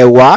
ẹ̀wá